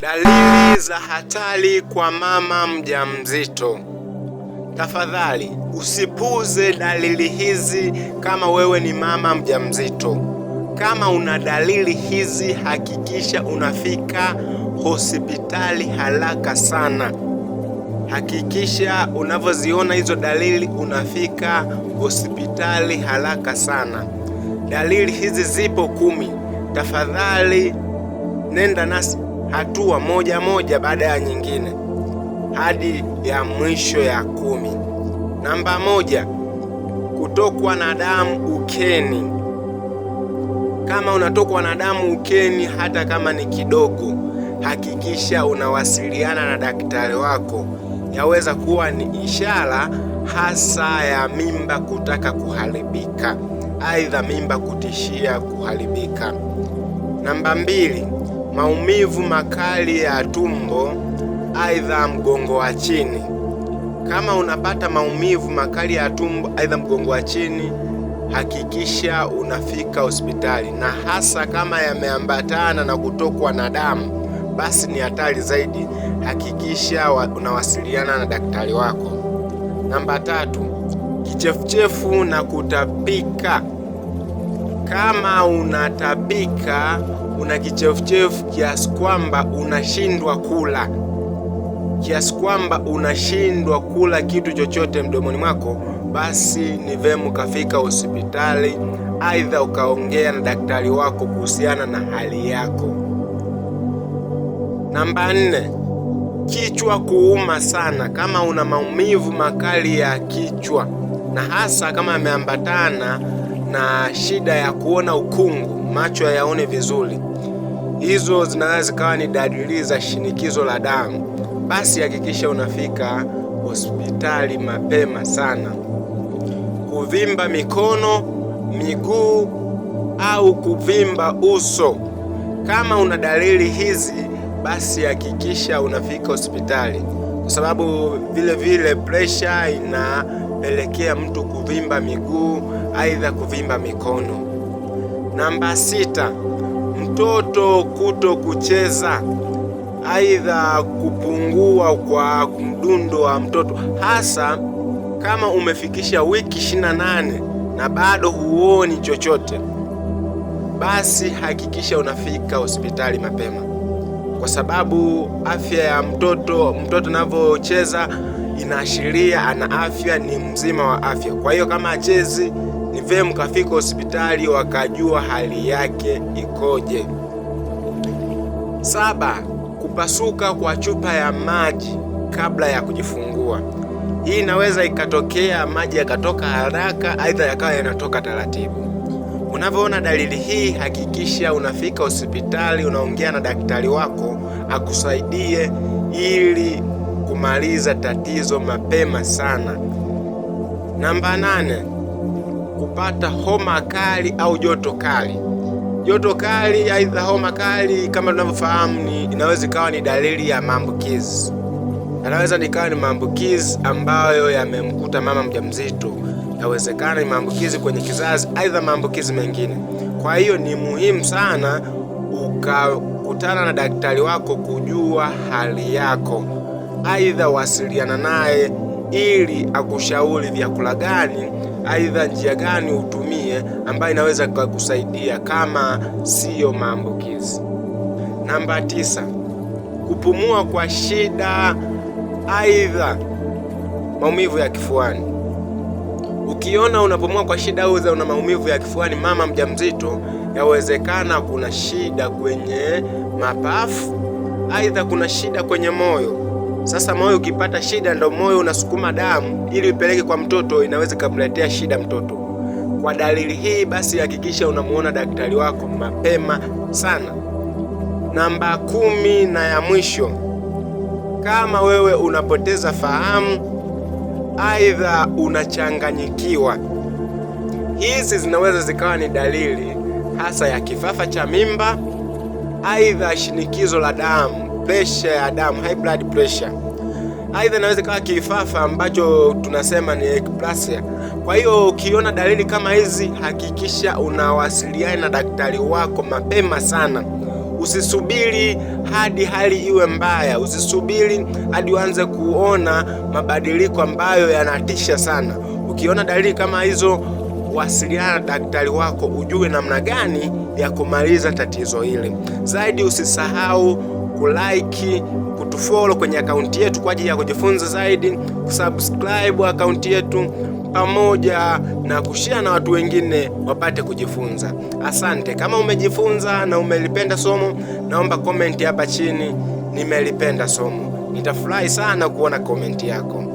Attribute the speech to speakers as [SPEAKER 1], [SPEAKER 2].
[SPEAKER 1] Dalili za hatari kwa mama mjamzito. Tafadhali usipuuze dalili hizi kama wewe ni mama mjamzito. Kama una dalili hizi, hakikisha unafika hospitali haraka sana. Hakikisha unavyoziona hizo dalili, unafika hospitali haraka sana. Dalili hizi zipo kumi. Tafadhali nenda nasi hatua moja moja baada ya nyingine hadi ya mwisho ya kumi. Namba moja, kutokwa na damu ukeni. Kama unatokwa na damu ukeni, hata kama ni kidogo, hakikisha unawasiliana na daktari wako. Yaweza kuwa ni ishara hasa ya mimba kutaka kuharibika, aidha mimba kutishia kuharibika. Namba mbili maumivu makali ya tumbo, aidha mgongo wa chini. Kama unapata maumivu makali ya tumbo, aidha mgongo wa chini, hakikisha unafika hospitali, na hasa kama yameambatana na kutokwa na damu basi ni hatari zaidi. Hakikisha unawasiliana na daktari wako. Namba tatu, kichefuchefu na kutapika kama unatabika, una kichefuchefu kiasi kwamba unashindwa kula, kiasi kwamba unashindwa kula kitu chochote mdomoni mwako, basi ni vema ukafika hospitali, aidha ukaongea na daktari wako kuhusiana na hali yako. Namba nne, kichwa kuuma sana. Kama una maumivu makali ya kichwa na hasa kama yameambatana na shida ya kuona ukungu, macho hayaone vizuri, hizo zinaweza zikawa ni dalili za shinikizo la damu, basi hakikisha unafika hospitali mapema sana. Kuvimba mikono, miguu au kuvimba uso, kama una dalili hizi, basi hakikisha unafika hospitali kwa sababu vile vile presha inapelekea mtu kuvimba miguu, aidha kuvimba mikono. Namba sita, mtoto kuto kucheza aidha kupungua kwa mdundo wa mtoto, hasa kama umefikisha wiki 28 na bado huoni chochote, basi hakikisha unafika hospitali mapema kwa sababu afya ya mtoto, mtoto anavyocheza inaashiria ana afya, ni mzima wa afya. Kwa hiyo kama achezi, ni vyema kafika hospitali wakajua hali yake ikoje. Saba, kupasuka kwa chupa ya maji kabla ya kujifungua. Hii inaweza ikatokea maji yakatoka haraka, aidha yakawa yanatoka taratibu. Unavyoona dalili hii, hakikisha unafika hospitali, unaongea na daktari wako akusaidie ili kumaliza tatizo mapema sana. Namba nane, kupata homa kali au joto kali. Joto kali aidha homa kali, kama tunavyofahamu, ni inaweza ikawa ni dalili ya maambukizi, anaweza nikawa ni maambukizi ambayo yamemkuta mama mjamzito yawezekana ni maambukizi kwenye kizazi, aidha maambukizi mengine. Kwa hiyo ni muhimu sana ukakutana na daktari wako kujua hali yako, aidha wasiliana naye ili akushauri vyakula gani, aidha njia gani utumie ambayo inaweza kukusaidia kama siyo maambukizi. Namba tisa, kupumua kwa shida, aidha maumivu ya kifuani. Ukiona unapumua kwa shida, uza una maumivu ya kifuani, mama mjamzito, yawezekana kuna shida kwenye mapafu, aidha kuna shida kwenye moyo. Sasa moyo ukipata shida, ndio moyo unasukuma damu ili ipeleke kwa mtoto, inaweza ikamletea shida mtoto. Kwa dalili hii basi, hakikisha unamuona daktari wako mapema sana. Namba kumi na ya mwisho, kama wewe unapoteza fahamu aidha unachanganyikiwa. Hizi zinaweza zikawa ni dalili hasa ya kifafa cha mimba, aidha shinikizo la damu, pressure ya damu, high blood pressure. Aidha inaweza ikawa kifafa ambacho tunasema ni eclampsia. Kwa hiyo ukiona dalili kama hizi, hakikisha unawasiliana na daktari wako mapema sana. Usisubiri hadi hali iwe mbaya, usisubiri hadi uanze kuona mabadiliko ambayo yanatisha sana. Ukiona dalili kama hizo, wasiliana na daktari wako ujue namna gani ya kumaliza tatizo hili. Zaidi usisahau kulike, kutufollow kwenye akaunti yetu kwa ajili ya kujifunza zaidi, kusubscribe akaunti yetu pamoja na kushia na watu wengine wapate kujifunza. Asante. Kama umejifunza na umelipenda somo, naomba komenti hapa chini, nimelipenda somo. Nitafurahi sana kuona komenti yako.